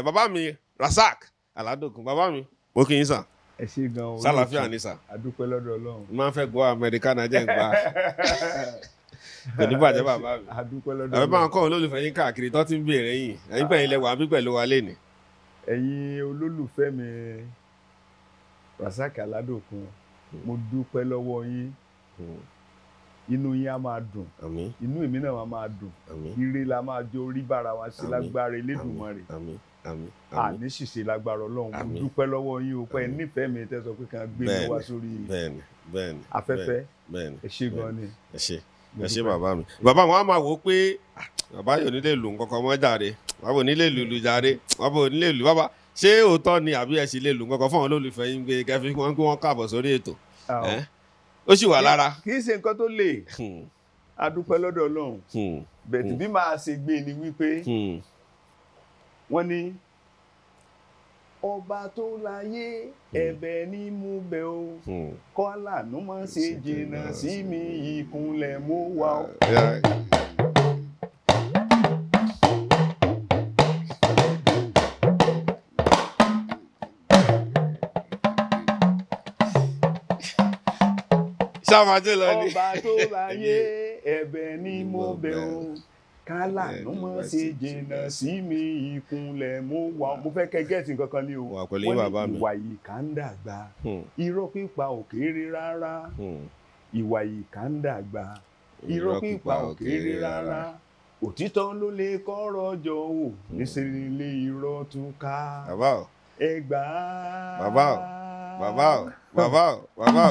Eh, bàbá mi Rasaq Aládògún bàbá mi mo kì í sàn ẹ o sálàáfíà ni sà àdúpẹ́ lọ́dọ̀ Ọlọ́run máa ń fẹ́ gbọ́ amẹríkánà jẹ́ ìgbà kò ní bàjẹ́ bàbá mi àdúpẹ́ lọ́dọ̀ Ọlọ́run àbẹ máa ń kọ́ olólùfẹ́ yín káàkiri tó ti ń béèrè yìí ẹ̀yin pẹ̀yìn lẹ́wọ̀ àbí pẹ̀lú wa lẹ́nìí. ẹ̀yin olólùfẹ́ mi Rasaq Aládògún mo dúpẹ́ lọ́wọ́ yín inú yín á máa dùn inú èmi náà máa dùn ire la máa jọ orí bára wa sí lágbára Elédùmarè àní ṣìṣe lágbára Ọlọ́run mo dúpẹ́ lọ́wọ́ yín o pé nífẹ̀ẹ́ mi tẹ́ sọ pé kàn gbé mi wá sórí afẹ́fẹ́ ẹ ṣé gan ni. ẹ ṣé ẹ ṣé bàbá mi bàbá mi wọn máa wò ó pé ah, bàbá yóò nílé lù nǹkankan mọ́ jàre bàbá ò nílé lù lù jàre bàbá ò nílé lù bàbá ṣé òótọ́ ni àbí ẹ sì lè lù nǹkankan fún àwọn olólùfẹ́ yín gbé kẹfí wọn kí wọ́n káàbọ̀ sórí ètò ó sì wà lára. kì í ṣe nǹkan tó le hmm. a dúpẹ́ lọ́dọ̀ Ọlọ́run hmm. bẹ̀tì bí hmm. máa ṣe gbé ni wípé wọ́n ní ọba tó láyé hmm. ẹ̀bẹ̀ ni mo bẹ̀ o hmm. kọ́là ló má ṣe jìnnà sí mi ìkúnlẹ̀ mo wà o. sáwọn ah, adé lọ ni. ọba tó láyé ẹ̀bẹ̀ ni mo bẹ̀ o kálà ló mọ̀ ṣe jìnnà sí mi ìkúnlẹ̀ mo wà mo fẹ́ kẹ́ gẹ́ẹ̀tì kankan ni o wọ́n ní ìwà yìí hmm. kà hmm. ń dàgbà irọ́ pípa ò rárá ìwà yìí kà ń dàgbà irọ́ pípa ò rárá òtítọ́ ló lè kọ́rọ̀ jọ o hmm. níṣẹ́ ilé irọ́ tún ká ẹ bàbá o bàbá o bàbá o bàbá o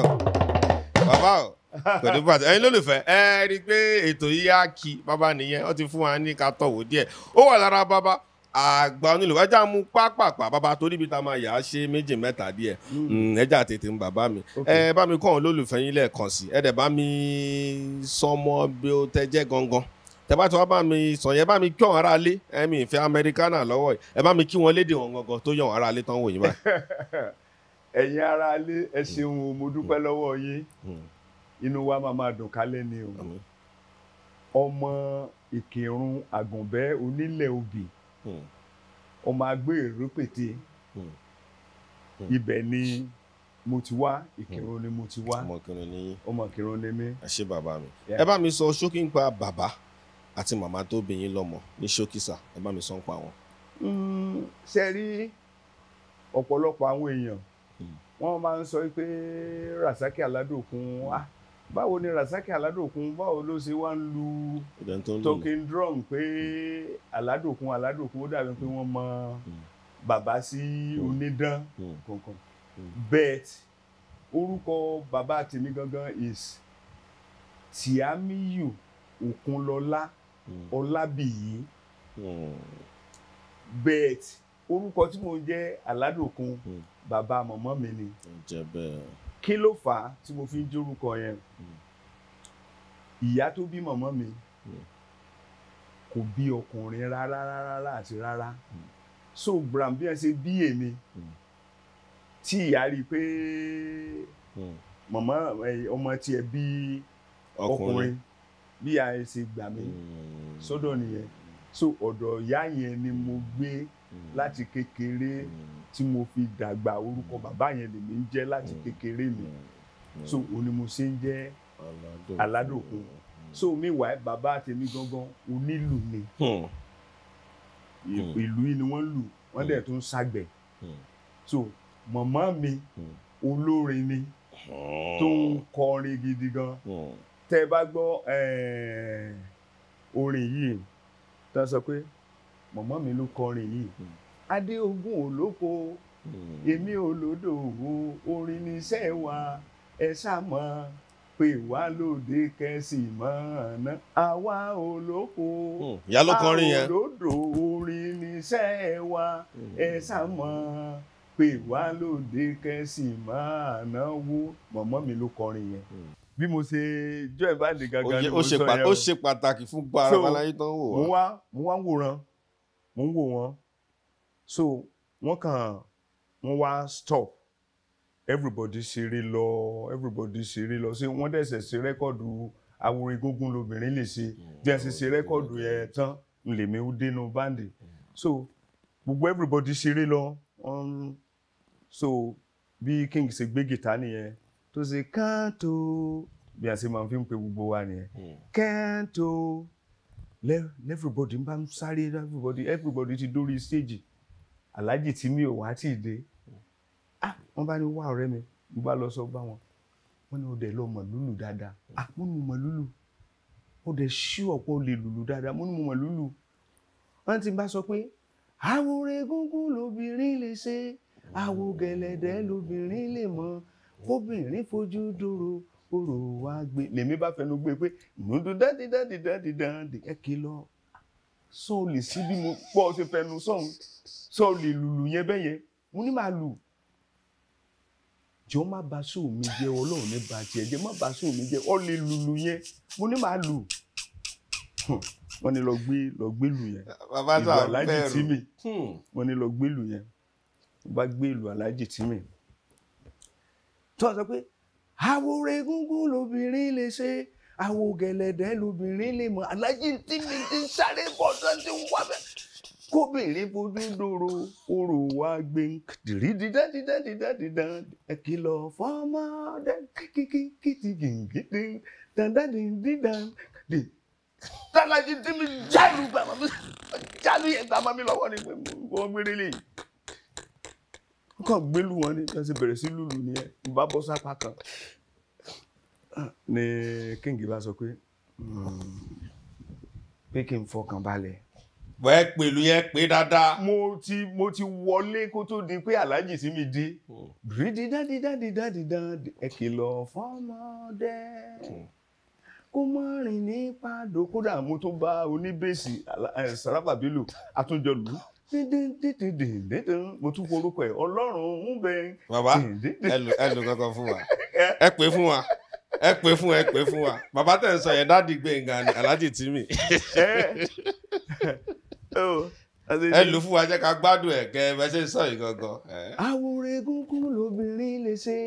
bàbá o pẹ̀lú pàtó ẹ̀yin lólùfẹ́ ẹ rí i pé ètò yìí á kí bàbá nìyẹn ó ti fún wa ní ká tọ̀wọ̀ díẹ̀ ó wà lára bàbá àgbà onílùú ẹja mú pápápá bàbá torí ibi tá a máa yà á ṣe méjì mẹ́ta díẹ̀ mm, ẹja tètè ń bàbá mi ẹ bá mi kọ́ àwọn olólùfẹ́ yín lẹ́ẹ̀kan sí ẹ dẹ̀ bá mi sọmọ bí ó tẹ jẹ́ gangan tẹ bá ti wá bá mi sọ yẹn bá mi kí àwọn ará lé ẹ mi ìfẹ́ amẹ́ríkánà lọ́wọ́ yìí ẹ bá mi kí wọn léde wọn gangan tó yàn àwọn ará lé tán wò yín báyìí. ẹ̀yin ará lé ẹ ṣeun mo dúpẹ́ lọ́wọ́ yín mm inú wa máa máa dùn kálẹ̀ ni o ọmọ ìkírun àgùnbẹ́ onílẹ̀ obì hmm. ọmọ agbé ìrúpètè hmm. hmm. ibẹ̀ ni mo ti wá ìkírun ni mo ti wá ọmọ ìkírun ni mí. ẹ ṣé bàbá mi ẹ bá mi sọ ṣókí ń pa bàbá àti màmá tó bí yín lọ́mọ ní ṣókísà ẹ bá mi sọ ń pa wọn. ṣe rí ọ̀pọ̀lọpọ̀ àwọn èèyàn wọ́n máa ń sọ pé Rasaki Aládòkun ah. Mm báwo ni Rasaki Aládòkun báwo ló ṣe wá ń lu talking drum pé Aládòkun Aládòkun ó dàbí pé wọ́n mọ hmm. bàbá sí hmm. onídán hmm. kankan bet orúkọ bàbá tèmi gangan is Tìámíyù Òkunlọlá Ọlábìyí bet orúkọ tí mo jẹ́ Aládòkun bàbá mọ̀mọ́ mi ni kí ló fà á tí mo fi ń jórúkọ yẹn hmm. ìyá tó bí mọ̀mọ́ mi hmm. kò bí ọkùnrin rárá rárá àti rárá hmm. so bram bí ẹ ṣe bí èmi tí ìyá rí i pé mọ̀mọ́ ọmọ tiẹ̀ bí ọkùnrin bí ìyá ẹ ṣe gbà mí sọ́dọ̀ nìyẹn so ọ̀dọ̀ ìyá yẹn ni mo gbé láti kékeré. Mm tí mo fi dàgbà orúkọ bàbá yẹn lèmi ń jẹ́ láti mm. kékeré mi mm. Mm. so òun ni mo ṣe ń jẹ́ aládòkun so meanwhile bàbá tèmi gangan onílù ni hmm. ìlú hmm. yìí ni wọ́n lù wọ́n dẹ̀ hmm. tún ṣàgbẹ̀ so màmá mi olórin ni tó ń kọrin gidi gan tẹ́ bá gbọ́ eh, orin yìí tá sọ pé màmá mi ló kọrin yìí adéogun olóko hmm. èmi olódò òhò orin níṣẹ́ wa ẹ ṣàmọ́ pé wá lóde kẹsì mọ́ ọ̀nà àwa olóko àolódò hmm, orin níṣẹ́ wa ẹ hmm. ṣàmọ́ pé wá lóde kẹsì mọ́ ọ̀nà wo mọ̀mọ́ mi ló kọrin yẹn bí mo ṣe jọ ẹ̀ bá lè gàgà ni mo sọ yẹn o. ṣe pàtàkì fún gbàrà balayé tán wò wá. mo wá wòran mo ń wò wọn so wọ́n kàn wọ́n wá stop everybody ṣeré lọ everybody ṣeré lọ ṣé wọ́n dẹ̀sẹ̀ ṣe rẹ́kọ̀dù awore gógún lobìnrin lè ṣe mm, bí a ṣe ṣe rẹ́kọ̀dù ẹ̀ tán lèmi ó dénú báńdì mm. so gbogbo everybody ṣeré lọ um, so bí king ṣe gbé gìtá nìyẹn tó ṣe káàtó bí a ṣe máa fi ń pe gbogbo wa nìyẹn káàtó mm. everybody ń bá ń sáré everybody everybody ti dórí stage aláàjì tí mi ò wá tí ì dé ah wọ́n bá ní wá ọ̀rẹ́ mi mo bá lọ sọ bá wọn wọ́n ní o dẹ̀ lọ mọ̀ lúlù dáadáa ah mo ní mo mọ̀ lúlù o dẹ̀ ṣí ọ̀pọ̀ lè lùlù dáadáa mo ní mo mọ̀ lúlù wọ́n ti bá sọ pé àwòrán egúngún lobìnrin lè ṣe àwò gẹ̀lẹ̀dẹ́ lobìnrin lè mọ obìnrin fojú dúró orò wa gbé lèmi bá fẹnu gbé pé nùdú dáàdì dáàdì dáàdì dáàdì ẹ kìlọ̀ sọ ò lè sí bí mo pọ̀ ṣe fẹnu sọ̀hún sọ ò lè lùlù yẹn bẹ́ẹ̀ yẹn mo ní máa lù jọ má ba sóò mi jẹ ọlọ́run ní ba tiẹ̀ jẹ má ba sóò mi jẹ ọ lè lùlù yẹn mo ní máa lù hmm. wọ́n ní lọ gbé lọ gbé lù yẹn ìlú aláàjì tí mi hmm. wọ́n ní lọ gbé lù yẹn wọ́n bá gbé ìlú aláàjì tí mi sọ pé àwòrán egungun lobìnrin lè ṣe awo gẹ̀lẹ̀dẹ́ lobìnrin lè mọ alájí tí mi ti sáré bọ̀ tán ti wá bẹ́ẹ̀ kóbìnrin fojú dòrò orò wa gbé dìrídìdádìdádìdádìdán ẹkìlọ̀ fọ́mọdé kíkíkítì gìngìdì dandadìdídán dì dálájí tí mi jálù gbàmọ mi jálù yẹn gbàmọ mi lọ́wọ́ ni wọn gbére lè kàn gbélú wọn ni wọn sì bẹ̀rẹ̀ sí lùlù nìyẹn bá bọ sápá kan ni king bá sọ pé hmm, pé kí n fọkàn balẹ̀. wẹ́ẹ́ pẹ̀lú yẹn pé dáadáa. mo ti mo ti wọlé kó tó di pé aláàjì sí mi di. bírídì dáàdì dáàdì dáàdì dáàdì ẹ kìlọ̀ fọ́mọdé kó má rìn ní pàdó kódà mo tó bá oníbèsì sàràpà bílù àtúnjọ mo tún forúkọ ẹ Ọlọ́run ń bẹ. bàbá ẹ lù kankan fún wa ẹ pè fún wa ẹ pè fún ẹ pè fún wa bàbá tẹ̀ ń sọ yẹn dáàdi gbẹ̀ngà ni aláàjì tí mi. ẹ lù fún wa jẹ́ ká gbádùn ẹ̀ kẹ́ ẹ ṣe sọ yìí gangan. àwòrán egungun lobìnrin lè ṣe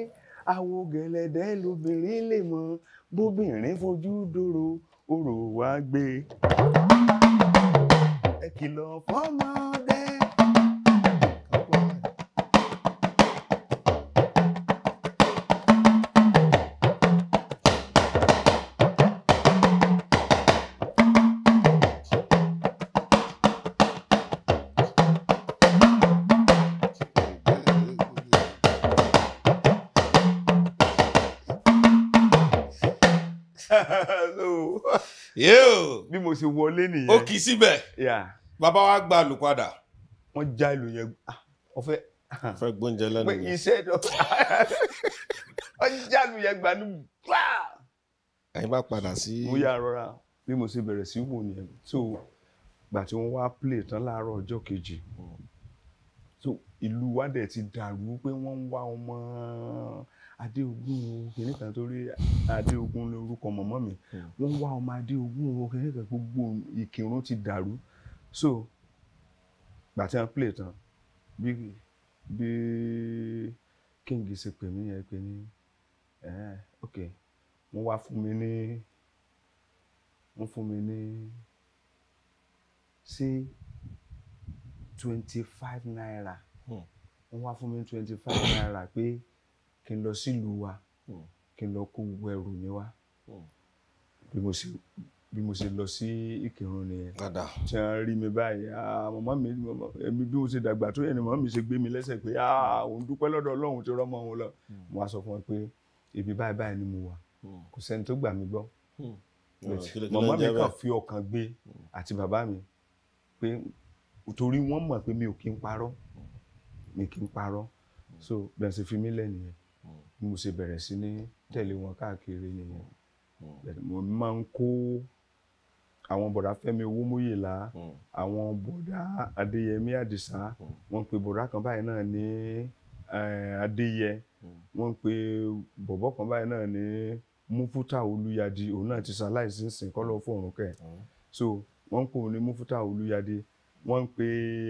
àwo gẹ̀lẹ̀dẹ́ lobìnrin lè mọ bóbìnrin fojú dòrò òrò wá gbé. ẹ kìlọ̀ fọ́mọ mo ṣe wọlé nìyẹn. ó kì í síbẹ̀. bàbá wa gba àlù padà. wọ́n já ìlú yẹn ọ̀fẹ́. Ah, ọ̀fẹ́ gbóúnjẹ lẹ́nu. pé iṣẹ́ lọ wọ́n já ìlú yẹn gbà ní gbà. bá padà sí. mo yà rọra bí mo ṣe bẹ̀rẹ̀ sí wò nìyẹn tó gbà tí wọ́n wá play tán láàárọ̀ ọjọ́ kejì ìlú wa dẹ̀ ti dàrú pé wọ́n ń wá ọmọ adéogun o kìnìún kan torí adéogun lórúkọ mọ̀mọ́ mi hmm. wọ́n wá ọmọ adéogun o kìnìún kan gbogbo ìkírun ti dàrú so gbà tí wọ́n play tán bí bí king ṣe pè mí yẹn pé ní ok wọ́n wá fún mi ní wọ́n fún mi ní sí twenty five naira hmm. wọ́n wá fún mi ní twenty five naira pé. Hmm kí n lọ sílùú wa hmm. kí n lọ kó gbogbo ẹrù mi wá hmm. bí mo ṣe lọ sí ìkírun nìyẹn tí wọ́n rí mi báyìí màmá mi bí mo ṣe dàgbà tó yẹn ni màmá mi ṣe gbé mi lẹ́sẹ̀ pé hmm. òun dúpẹ́ lọ́dọ̀ Ọlọ́run tí rọ́mọ òun lọ mo wá sọ fún wọn pé ibi báyìí báyìí ni mo wà kò sẹ́ni tó gbà mí gbọ́ màmá mi kàn fi ọkàn gbé àti bàbá mi pé torí wọ́n mọ̀ pé mi ò kí ń parọ́ mi kì í parọ́ so bẹ̀rẹ̀ sí fi mí lẹ́nu yẹn mo ṣe bẹ̀rẹ̀ sí ní tẹ̀lé wọn káàkiri nìyẹn hmm. mo máa ń kó àwọn bọ̀dá Fẹ́mi Owómúyìlá hmm. àwọn bọ̀dá Adéyẹmí Àdìsá hmm. wọ́n pe bọ̀dá kan báyìí náà ní Adéyẹ wọ́n pe bọ̀bọ̀ kan báyìí náà ní Múfútà Olúyadé òun náà ti ṣaláìsí sìn kọ́lọ́ fọ̀rùn kẹ̀ so wọ́n kò ní Múfútà Olúyadé wọ́n pe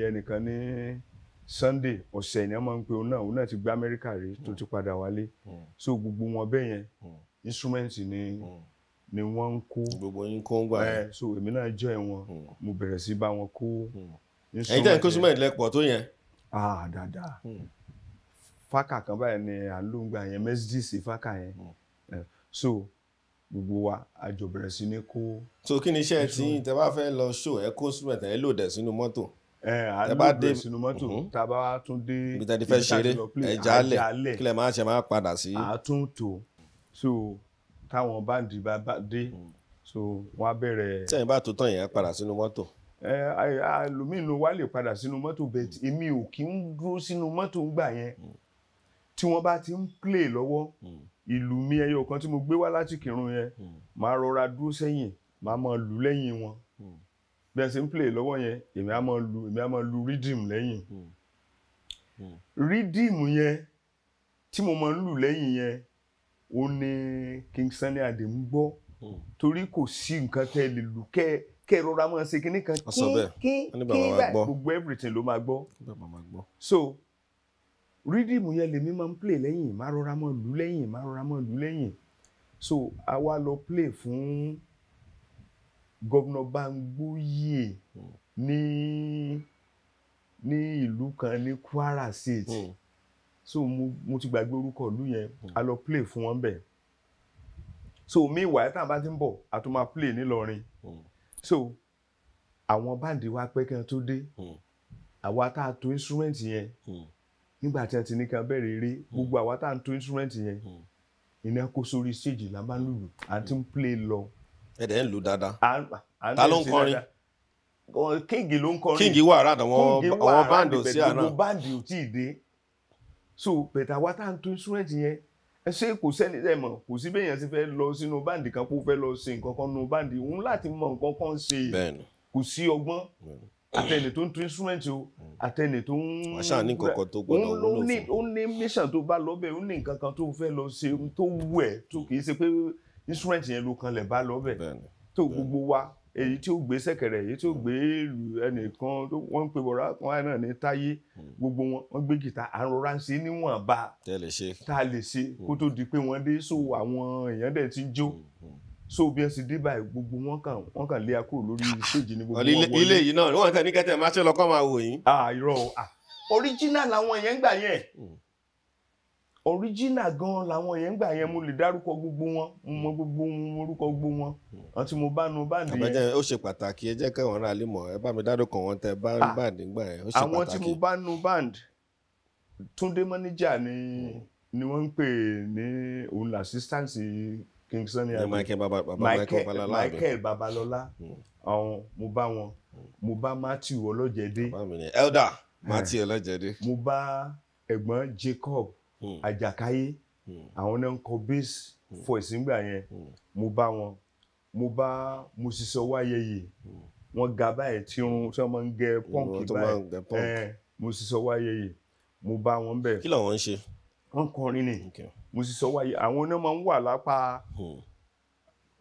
ẹnìkan ní. Ni Sunday ọ̀sẹ̀ ni wọ́n máa ń pe òun náà òun náà ti gba Amẹ́ríkà rí tó ti padà wálé hmm. so gbogbo wọn bẹ́ẹ̀ yẹn hmm. instrument ni hmm. ni wọ́n ń kó gbogbo yín kó ń gbà yẹn eh, so èmi náà jọ ẹ̀ wọn mo bẹ̀rẹ̀ sí bá wọn kó instrument yẹn ẹ̀yin tẹ̀ ń kó súnmọ́ ìlẹ́pọ̀ tó yẹn. ah dáadáa fákà kan báyìí ni à ń lò ń gbà yẹn Mercedes fákà yẹn eh, so gbogbo wa a jọ sí ní kó. so kí ni iṣẹ́ tí tẹ bá fẹ́ lọ ṣó ẹ kó súnmọ́ ẹ lò dẹ̀ sínú mọ́tò àlọ́ ìbẹ̀rẹ̀ sínú mọ́tò a bá tún dé ibi tá a ti fẹ́ ṣeré ẹja alẹ̀ kílẹ̀ máa ṣe máa padà sí. àtúntò so táwọn báńdì bá dé so wọ́n á bẹ̀rẹ̀. sẹ́yìn bá tó tán yẹn padà sínú mọ́tò àlùmíìnù wa lè padà sínú mọ́tò bẹ́ẹ̀ èmi ò kí ń dúró sínú mọ́tò ńgbà yẹn tí wọ́n bá ti ń play lọ́wọ́ ìlú mi ẹyọ kan tí mo gbé wá láti kírun yẹn màá rọra dúró sẹ́yìn màá máa lù lẹ́yìn wọn bí ẹ ṣe ń play lọ́wọ́ yẹn èmi á máa lu èmi á máa lu rhythm lẹ́yìn hmm. Hmm. rhythm yẹn tí mo máa ń lù lẹ́yìn yẹn ó ní King Sunny Adé ń gbọ́ hmm. torí kò sí nǹkan tẹ́ lè lù kẹ́ ẹ kẹ́ ẹ rọra máa ṣe kinní kan kí kí báyìí gbogbo everything ló máa gbọ́ so rídìmù yẹn lèmi máa ń play lẹ́yìn má rọra máa lù lẹ́yìn má rọra máa lù lẹ́yìn so a wá lọ play fún gómìnà bámgbóyè ní ní ìlú kan ní Kwara State mm. so mo, mo ti gbàgbé orúkọ ìlú yẹn hmm. a lọ play fún wọn bẹ́ẹ̀ so meanwhile tá a bá ti ń bọ̀ a tún máa play nílọrin hmm. so àwọn báǹdì wa pẹ́ kí wọ́n tó dé hmm. àwa tá a to instrument yẹn nígbà tí wọ́n ti ní kan bẹ̀rẹ̀ eré gbogbo àwa tá a to instrument yẹn ìnáko sórí stage la máa ń lùlù à ń ti ń play lọ ẹ dẹ̀ ń lu dáadáa ta ló ń kọrin kíngì ló ń kọrin kíngì wà rádà wọn báńdì sí àná gbogbo báńdì ò tí ì dé so bẹ̀tà wa tá à ń tún instrument yẹn ẹ ṣe kò sẹ́ni ẹ mọ̀ kò sí bẹ́ẹ̀ yẹn ti fẹ́ lọ sínú báńdì kan kó fẹ́ lọ ṣe nǹkan kan nù báńdì òun láti mọ nǹkan kan ṣe kò sí ọgbọ́n àtẹnì tó ń tún instrument o àtẹnì tó ń wàṣà ní kankan tó gbọ́dọ̀ wúlò fún un ó ní mission tó bá lọ bẹ́ẹ̀ instrument yẹn ló kan lẹ̀ bá lọ bẹ̀ tó gbogbo wa èyí tí ó gbé ṣẹ̀kẹ̀rẹ̀ èyí tí ó gbé ìlú ẹnìkan tó wọ́n ń pe bọ̀rọ̀ kan náà ní táyé hmm. gbogbo wọn wọ́n gbé gìtá à ń ṣe níwọ̀nba tá a lè ṣe kó tó di pé wọ́n dé so àwọn èèyàn dẹ̀ ti jó hmm, hmm. so bí ẹ sì dé báyìí gbogbo wọn kàn wọn kàn lé akúrò lórí stage ní gbogbo wọn wọlé. ilé yìí náà wọn kàn ní kẹtẹ máa ṣe máa wò yín. Ah, irọ́ ah, original làwọn yẹn ń gbà yẹn original gan làwọn yẹn gbà yẹn mo lè dárúkọ gbogbo wọn mo mọ gbogbo wọn mo rúkọ gbogbo wọn àti mo bá nu báàdì yẹn. àbájá ó ṣe pàtàkì ẹ jẹ́ káwọn ará lè mọ̀ ẹ bá mi dárúkọ wọn tẹ bá nu ah, báàdì gbà yẹn ó ṣe pàtàkì. àwọn tí mo bá nu báàdì Túndé mọ́níjà ni hmm. ni wọ́n ń pè ní òun l'assistance King Sunny Adé Michael Babalọlá hmm. ọ̀hún mo bá wọn hmm. mo bá Matthew Ọlọ́jẹ̀dé elder Matthew Ọlọ́jẹ̀dé mo bá ẹ̀gbọ́n Jacob. Hmm. àjàkáyé hmm. àwọn náà ń kọ bass voice hmm. nígbà yẹn mo bá wọn mo bá mo ṣiṣẹ́ ọwọ́ ayẹyẹ wọn ga báyìí tí irun tí wọ́n máa ń gẹ pọ́ǹkì báyìí mo ṣiṣẹ́ ọwọ́ ayẹyẹ mo bá wọn bẹ̀. kí làwọn ń ṣe. wọ́n kọrin ni mo ṣiṣẹ́ ọwọ́ ayẹyẹ àwọn náà máa ń wà lápá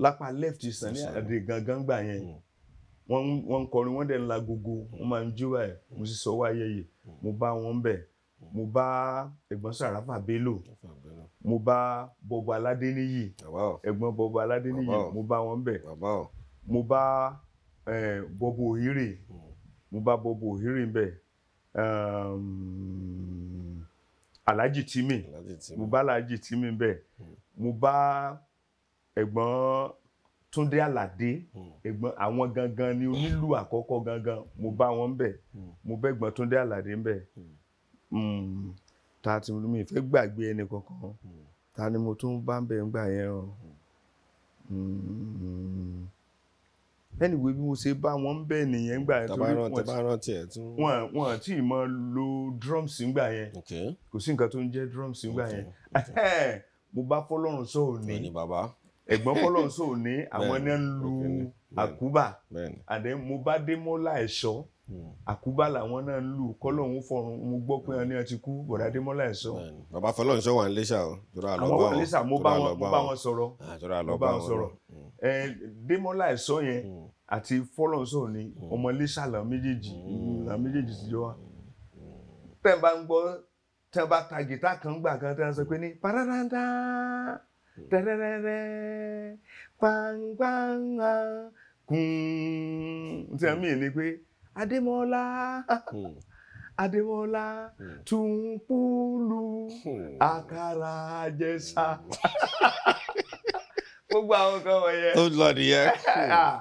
lápá left sàn àdè gangan gbà yẹn wọ́n ń kọrin wọ́n dẹ̀ ń la gogo wọ́n máa ń jó báyìí mo ṣiṣẹ́ ọwọ́ ayẹyẹ mo bá wọn bẹ̀ mo bá ẹ̀gbọ́n sàràfà bello mo bá bọ̀bọ aládéníyì ẹ̀gbọ́n bọ̀bọ aládéníyì mo bá wọn bẹ̀ mo bá bobo òhírè hmm. mo bá bọ̀bọ òhírè bẹ̀ alhaji timi mo bá alhaji timi bẹ̀ hmm. mo bá ẹ̀gbọ́n túndé àlàdé hmm. ẹ̀gbọ́n àwọn gangan ni onílù àkọ́kọ́ gangan mo bá wọn bẹ̀ mo bá ẹ̀gbọ́n túndé àlàdé bẹ̀. Hmm. ta ti mi fẹ́ gbàgbé ẹni kankan ta ni mo tún bá ń bẹ̀ ń gbà yẹn o hmm. anyway bí mo ṣe bá wọn bẹ nìyẹn gbà yẹn torí wọn wọn tí ì mọ lo drums gbà yẹn kò sí nǹkan tó ń jẹ drums gbà yẹn mo bá fọlọ́run sóò ní ẹ̀gbọ́n fọlọ́run sóò ní àwọn ẹni ń lu àkúbà àdé mo bá dé mọ́lá ẹ̀ṣọ́ àkúbà làwọn náà ń lù kọlọ́hún fọrùn mo gbọ́ pé wọn ní wọn ti kú bọ̀dá Adémọ́lá ẹ̀ sọ. bàbá Fọlọ́run sọ wà ní Iléṣà o jọrọ àlọ́ bá wọn àwọn wà ní Iléṣà mo bá wọn sọ̀rọ̀ ah, mo bá wọn sọ̀rọ̀ hmm. Démọ́lá ẹ̀ sọ yẹn hmm. àti Fọlọ́run sọ ni hmm. ọmọ Iléṣà làwọn méjèèjì làwọn méjèèjì ti jọ wa. tẹ́ ẹ bá ń gbọ́ tẹ́ ẹ bá ta gìtá kan gbà kan tẹ́ ẹ sọ pé ní paradada tẹ́rẹ́rẹ́rẹ́ adémọ́lá hmm. adémọ́lá hmm. túnpùlù hmm. àkàrà àjẹsà gbogbo àwọn kan wọ̀nyẹn. ó lọ nìyẹn. Ah.